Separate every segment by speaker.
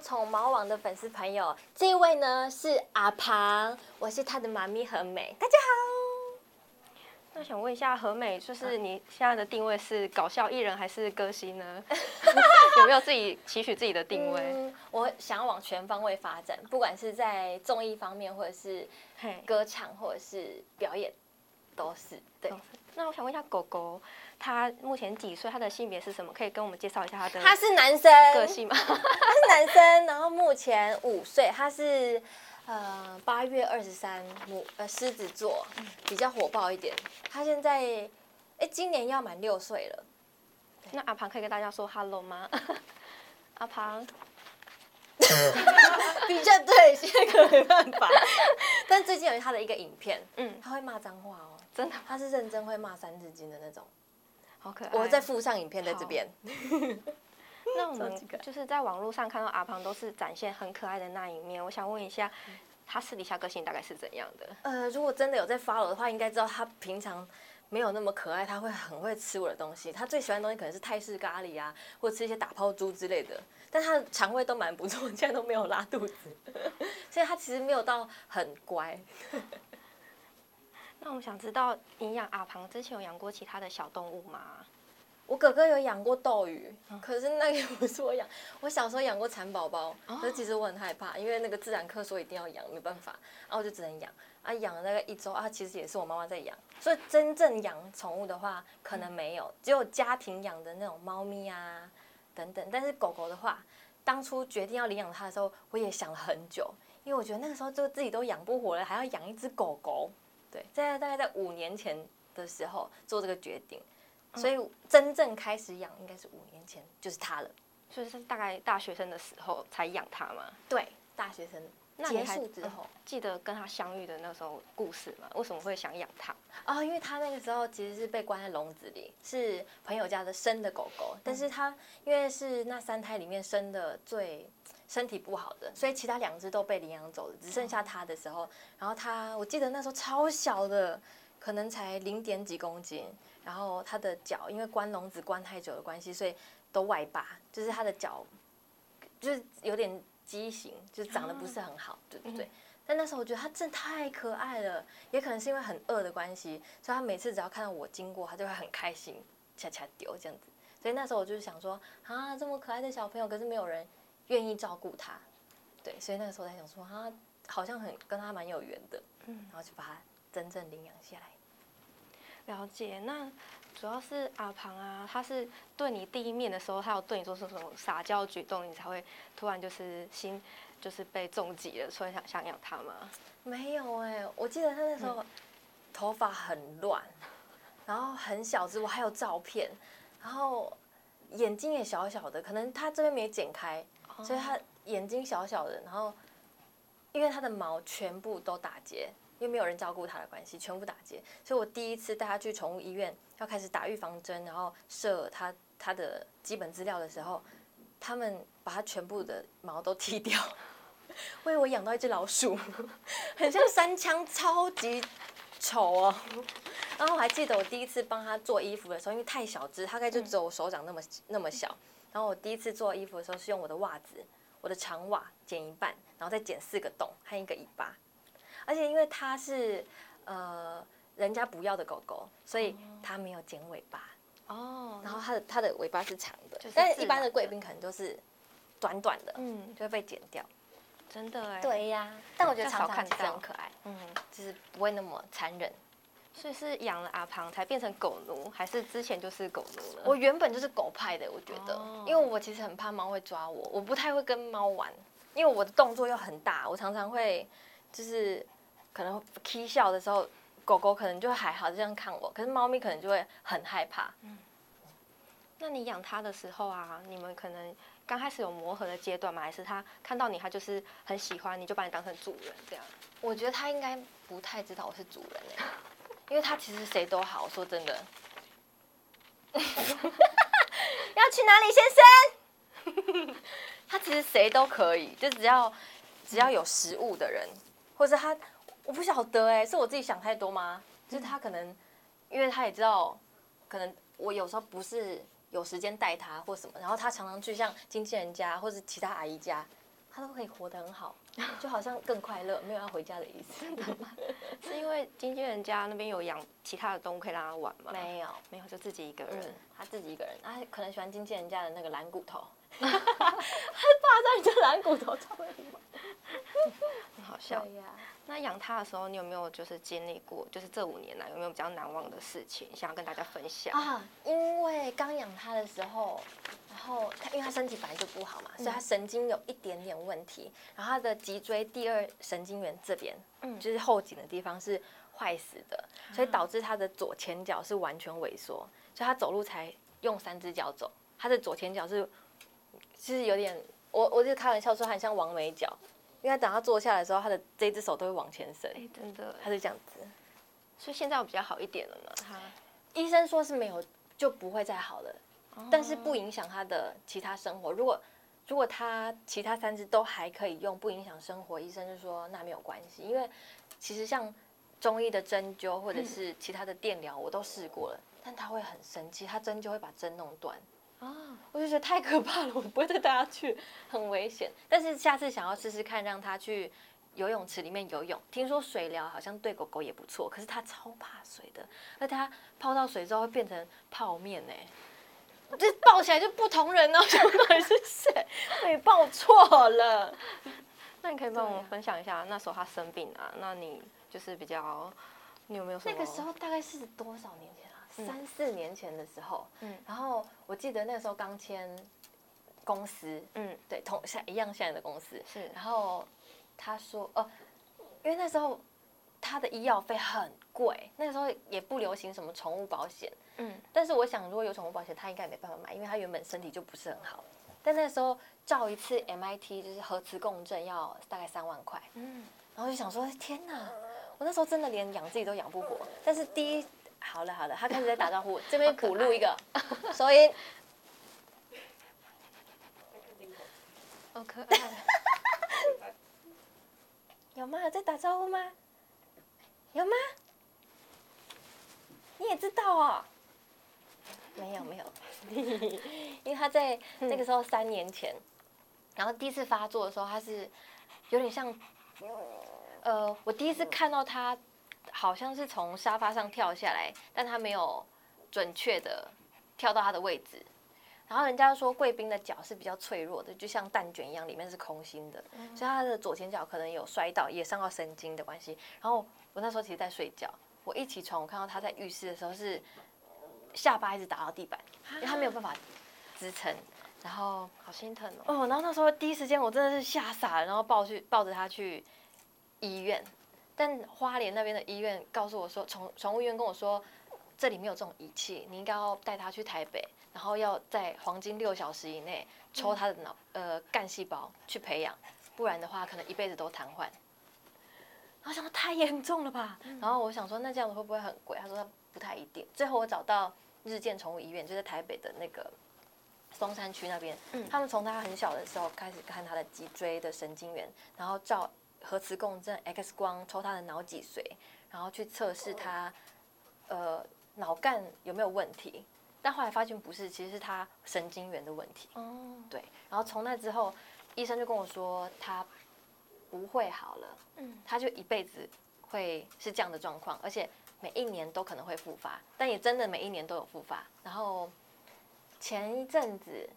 Speaker 1: 寵毛網的粉絲朋友，這一位呢是阿龐，我是他的媽咪何美，大家好。那想問一下何美，就是你現在的定位是搞笑藝人還是歌星呢？ 有沒有自己期許自己的定位、？ 嗯？我想要往全方位發展，不管是在綜藝方面，或者是歌唱，或者是表演，都是對。那我想問一下，狗狗他目前幾歲？他的性別是什麼？可以跟我們介紹一下他的他是男生。個性嗎？他是男生， 男生然後目前五歲，他是呃八月二十三母呃獅子座，比較火爆一點。他現在哎、欸、今年要滿六歲了。那阿龐可以跟大家說 hello 嗎？阿、啊、龐 比較對，現在可沒辦法。 但最近有他的一個影片，嗯，他會罵髒話哦。真的，他是認真會罵三字經的那種，好可愛。我再附上影片在這邊。 那我們就是在網絡上看到阿胖都是展現很可愛的那一面，我想問一下，他私底下個性大概是怎樣的？呃，如果真的有在 follow 的話，應該知道他平常沒有那麼可愛，他會很會吃我的東西。他最喜歡的東西可能是泰式咖喱啊，或者吃一些打拋豬之類的。但他腸胃都蠻不錯，現在都沒有拉肚子， 所以他其實沒有到很乖。 那我想知道你，你養阿龐之前有養過其他的小動物嗎？我哥哥有養過鬥魚、嗯，可是那個不是我養。我小時候養過蠶寶寶，哦、可是其實我很害怕，因為那個自然課說一定要養，沒辦法，然、啊、後我就只能養。啊，養了大概一周啊，其實也是我媽媽在養。所以真正養寵物的話，可能沒有、嗯，只有家庭養的那種貓咪啊等等。但是狗狗的話，當初決定要領養它的時候，我也想了很久，因為我覺得那個時候就自己都養不活了，還要養一隻狗狗。對，在大概在五年前的時候做這個決定，嗯，所以真正開始養應該是五年前就是他了，所以是大概大學生的時候才養他嗎？對，大學生。那結束之後、嗯，記得跟他相遇的那時候故事嗎？為什麼會想養它啊？因為他那個時候其實是被關在籠子裡，是朋友家的生的狗狗、嗯，但是他因為是那三胎裡面生的最身體不好的，所以其他兩隻都被領養走了，只剩下它的時候。然後他我記得那時候超小的，可能才零點幾公斤。然後他的腳因為關籠子關太久的關係，所以都外八，就是他的腳就是有點。畸形，就長得不是很好，啊、對不對、嗯？但那時候我覺得他真的太可愛了，也可能是因為很餓的關係，所以他每次只要看到我經過，他就會很開心，恰恰丟這樣子。所以那時候我就是想說啊，這麼可愛的小朋友，可是沒有人願意照顧他，對，所以那個時候在想說啊，好像很跟他蠻有緣的，嗯，然後就把他真正領養下來。了解，那。主要是阿龐啊，他是對你第一面的時候，他有對你做出什麼撒嬌舉動，你才會突然就是心就是被重擊了，所以想想養他嗎？沒有哎、欸，我記得他那時候、嗯、頭髮很亂，然後很小只，我還有照片，然後眼睛也小小的，可能他這邊沒剪開，oh. 所以他眼睛小小的，然後因為他的毛全部都打結。因為沒有人照顧它的關係，全部打結。所以我第一次帶它去寵物醫院，要開始打預防針，然後設它它的基本資料的時候，他們把它全部的毛都剃掉，為我養到一只老鼠，很像三槍，超級醜哦。然後我還記得我第一次幫它做衣服的時候，因為太小只，他大概就只有我手掌那麼那麼小。然後我第一次做衣服的時候是用我的襪子，我的長襪剪一半，然後再剪四個洞和一個尾巴。而且因為它是，呃，人家不要的狗狗，所以它沒有剪尾巴哦。然後它的它的尾巴是長的，就是自然的，但是一般的貴賓可能都是短短的，嗯，就會被剪掉。真的、欸？對呀、啊。但我覺得好看也很可愛，嗯，就是不會那麼殘忍。所以是養了阿龐才變成狗奴，還是之前就是狗奴了？我原本就是狗派的，我覺得，哦、因為我其實很怕貓會抓我，我不太會跟貓玩，因為我的動作又很大，我常常會就是。可能起笑的時候，狗狗可能就會還好，這樣看我。可是貓咪可能就會很害怕。嗯，那你養它的時候啊，你們可能剛開始有磨合的階段嗎？還是它看到你，它就是很喜歡，你就把你當成主人這樣？我覺得它應該不太知道我是主人、欸， 因為它其實誰都好。我說真的， 要去哪裡，先生？ 他其實誰都可以，就只要
Speaker 2: 只要有食
Speaker 1: 物的人，或者他。我不曉得哎、欸，是我自己想太多嗎、嗯？就是他可能，因為他也知道，可能我有時候不是有時間帶他或什麼，然後他常常去像經紀人家或是其他阿姨家，他都可以活得很好，就好像更快樂，沒有要回家的意思 是因為經紀人家那邊有養其他的動物可以讓他玩嗎？ 沒有，沒有，就自己一個人、嗯，他自己一個人，他可能喜歡經紀人家的那個藍骨頭。 滿骨頭超會，很好笑。Oh yeah. 那養它的時候，你有沒有就是經歷過？就是這五年來、啊、有沒有比較難忘的事情想要跟大家分享啊？因為剛養它的時候，然後因為他身體本來就不好嘛、嗯，所以他神經有一點點問題。然後他的脊椎第二神經元這邊，嗯、就是後頸的地方是壞死的、嗯所的嗯，所以導致他的左前腳是完全萎縮，所以他走路才用三隻腳走。他的左前腳是，是有點。我我就開玩笑說很像網美腳。因為等他坐下來的時候，他的這只手都會往前伸，欸、真的，他是這樣子。所以現在我比較好一點了嘛，他醫生說是沒有就不會再好了，哦、但是不影響他的其他生活。如果如果他其他三隻都還可以用，不影響生活，醫生就說那沒有關係，因為其實像中醫的針灸或者是其他的電療我都試過了、嗯，但他會很生氣，他針灸會把針弄斷。啊，我就覺得太可怕了，我不會帶大家去，很危險。但是下次想要試試看，讓他去游泳池裡面游泳。聽說水療好像對狗狗也不錯，可是他超怕水的。那他泡到水之後會變成泡麵呢、欸，這 抱起來就不同人呢、喔，相當於是誰？你抱錯了。 那你可以幫我分享一下、啊，那時候他生病啊，那你就是比較，你有沒有那個時候大概是多少年前？三四年前的時候，嗯，然後我記得那時候剛簽公司，嗯，對，同像一樣現在的公司是，然後他說，哦、呃，因為那時候他的醫藥費很貴，那時候也不流行什麼寵物保險，嗯，但是我想如果有寵物保險，他應該也沒辦法買，因為他原本身體就不是很好。但那時候照一次 M I T 就是核磁共振要大概三萬塊，嗯，然後就想說，天哪，我那時候真的連養自己都養不活。但是第一。好了好了，他開始在打招呼， 這邊補錄一個，收音。好可愛。有嗎？有在打招呼嗎？有嗎？你也知道哦。沒有沒有， 因為他在那個時候三年前，嗯、然後第一次發作的時候，他是有點像，呃，我第一次看到他。好像是從沙發上跳下來，但他沒有準確的跳到他的位置。然後人家說貴賓的腳是比較脆弱的，就像蛋捲一樣，裡面是空心的，嗯、所以他的左前腳可能有摔倒，也傷到神經的關係。然後我，我那時候其實在睡覺，我一起床我看到他在浴室的時候是下巴一直打到地板，啊、因為他沒有辦法支撐，然後好心疼哦，哦。然後那時候第一時間我真的是嚇傻了，然後抱去抱着他去醫院。但花蓮那邊的醫院告訴我說，寵寵物醫院跟我說，這裡沒有這種儀器，你應該要帶他去台北，然後要在黃金六小時以內抽他的腦、嗯、呃幹細胞去培養，不然的話可能一輩子都癱瘓。我想說太嚴重了吧，然後我想說，、嗯、我想說那這樣子會不會很貴？他說他不太一定。最後我找到日建寵物醫院，就在台北的那個松山區那邊，他們從他很小的時候開始看他的脊椎的神經元，然後照。核磁共振、X 光抽他的腦脊髓，然後去測試他，oh. 呃，腦幹有沒有問題，但後來發現不是，其實是他神經元的問題。Oh. 對。然後從那之後，醫生就跟我說他不會好了，他就一輩子會是這樣的狀況，oh. 而且每一年都可能會復發，但也真的每一年都有復發。然後前一陣子，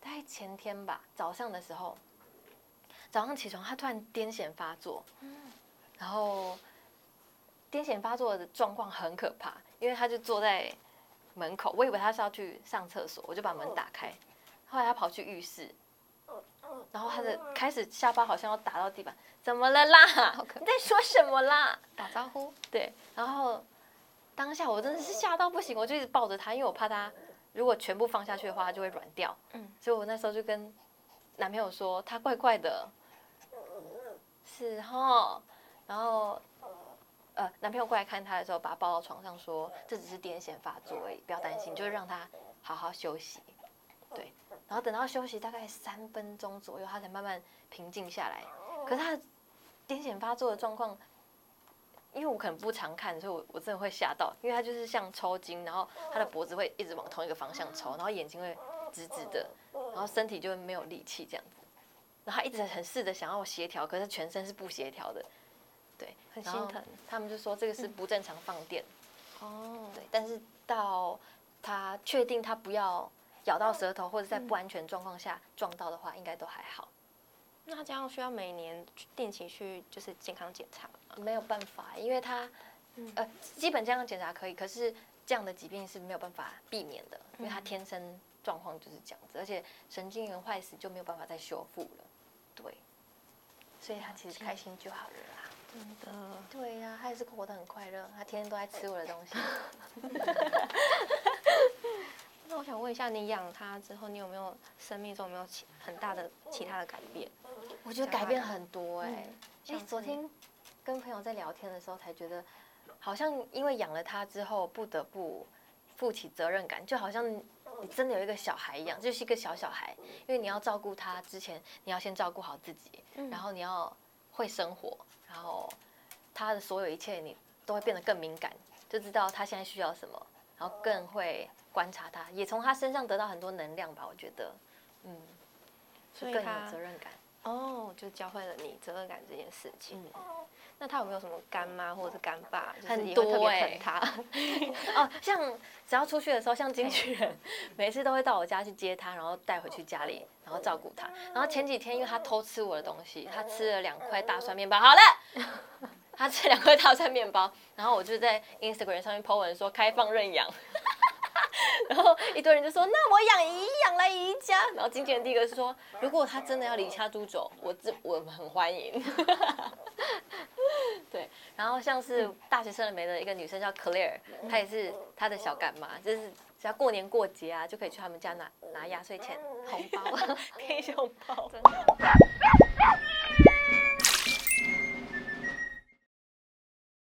Speaker 1: 大概前天吧，早上的時候。早上起床，他突然癲癇發作，嗯，然後癲癇發作的狀況很可怕，因為他就坐在門口，我以為他是要去上廁所，我就把門打開。後來他跑去浴室，然後他的開始下巴好像要打到地板，怎麼了啦你在說什麼啦？打招呼？對。然後當下我真的是嚇到不行，我就一直抱着他，因為我怕他如果全部放下去的話，他就會軟掉。嗯，所以我那時候就跟男朋友說，他怪怪的。是哈，然後，呃，男朋友過來看她的時候，把她抱到床上說，說這只是癲癇發作。欸，哎，不要擔心，就是讓她好好休息。對，然後等到休息大概三分鐘左右，她才慢慢平靜下來。可是她癲癇發作的狀況，因為我可能不常看，所以我我真的會嚇到，因為她就是像抽筋，然後她的脖子會一直往同一個方向抽，然後眼睛會直直的，然後身體就會沒有力氣這樣子。然後他一直很試着想要協調，可是全身是不協調的，對，很心疼。他們就說這個是不正常放電、嗯。哦，對。但是到他確定他不要咬到舌頭或者在不安全狀況下撞到的話、嗯，應該都還好。那這樣需要每年定期去就是健康檢查嗎？沒有辦法，因為他，呃，基本健康檢查可以，可是這樣的疾病是沒有辦法避免的，因為他天生狀況就是這樣子，嗯、而且神經元壞死就沒有辦法再修復了。所以他其實開心就好了啦。哦、真的，對呀、啊，他也是活得很快樂，他天天都在吃我的東西。哎嗯、 那我想問一下，你養他之後，你有沒有生命中有沒有其很大的其他的改變？嗯、我覺得改變很多哎、欸。哎，嗯、像昨天跟朋友在聊天的時候，才覺得好像因為養了他之後，不得不負起責任感，就好像，你真的有一個小孩一樣，就是一個小小孩，因為你要照顧他之前，你要先照顧好自己，嗯，然後你要會生活，然後他的所有一切你都會變得更敏感，就知道他現在需要什麼，然後更會觀察他，也從他身上得到很多能量吧。我覺得，嗯，所以更有責任感哦，就教會了你責任感這件事情。嗯那他有沒有什麼乾媽或者是乾爸？就是多疼他，很多哦、欸， 啊、像只要出去的時候，像經紀人，每次都會到我家去接他，然後帶回去家裡，然後照顧他。然後前幾天因為他偷吃我的東西，他吃了兩塊大蒜麵包，好了，他吃兩塊大蒜麵包，然後我就在 Instagram 上面 po 文說開放認養，然後一堆人就說那我養姨，養來姨家。然後經紀人第一個是說，如果他真的要離家出走，我這我很歡迎。 對，然後像是《大學生了沒》的一個女生叫 Claire，、嗯、她也是她的小乾媽，就是只要過年過節啊，就可以去他們家拿拿壓歲錢、紅包、拼紅包。嗯嗯嗯 真的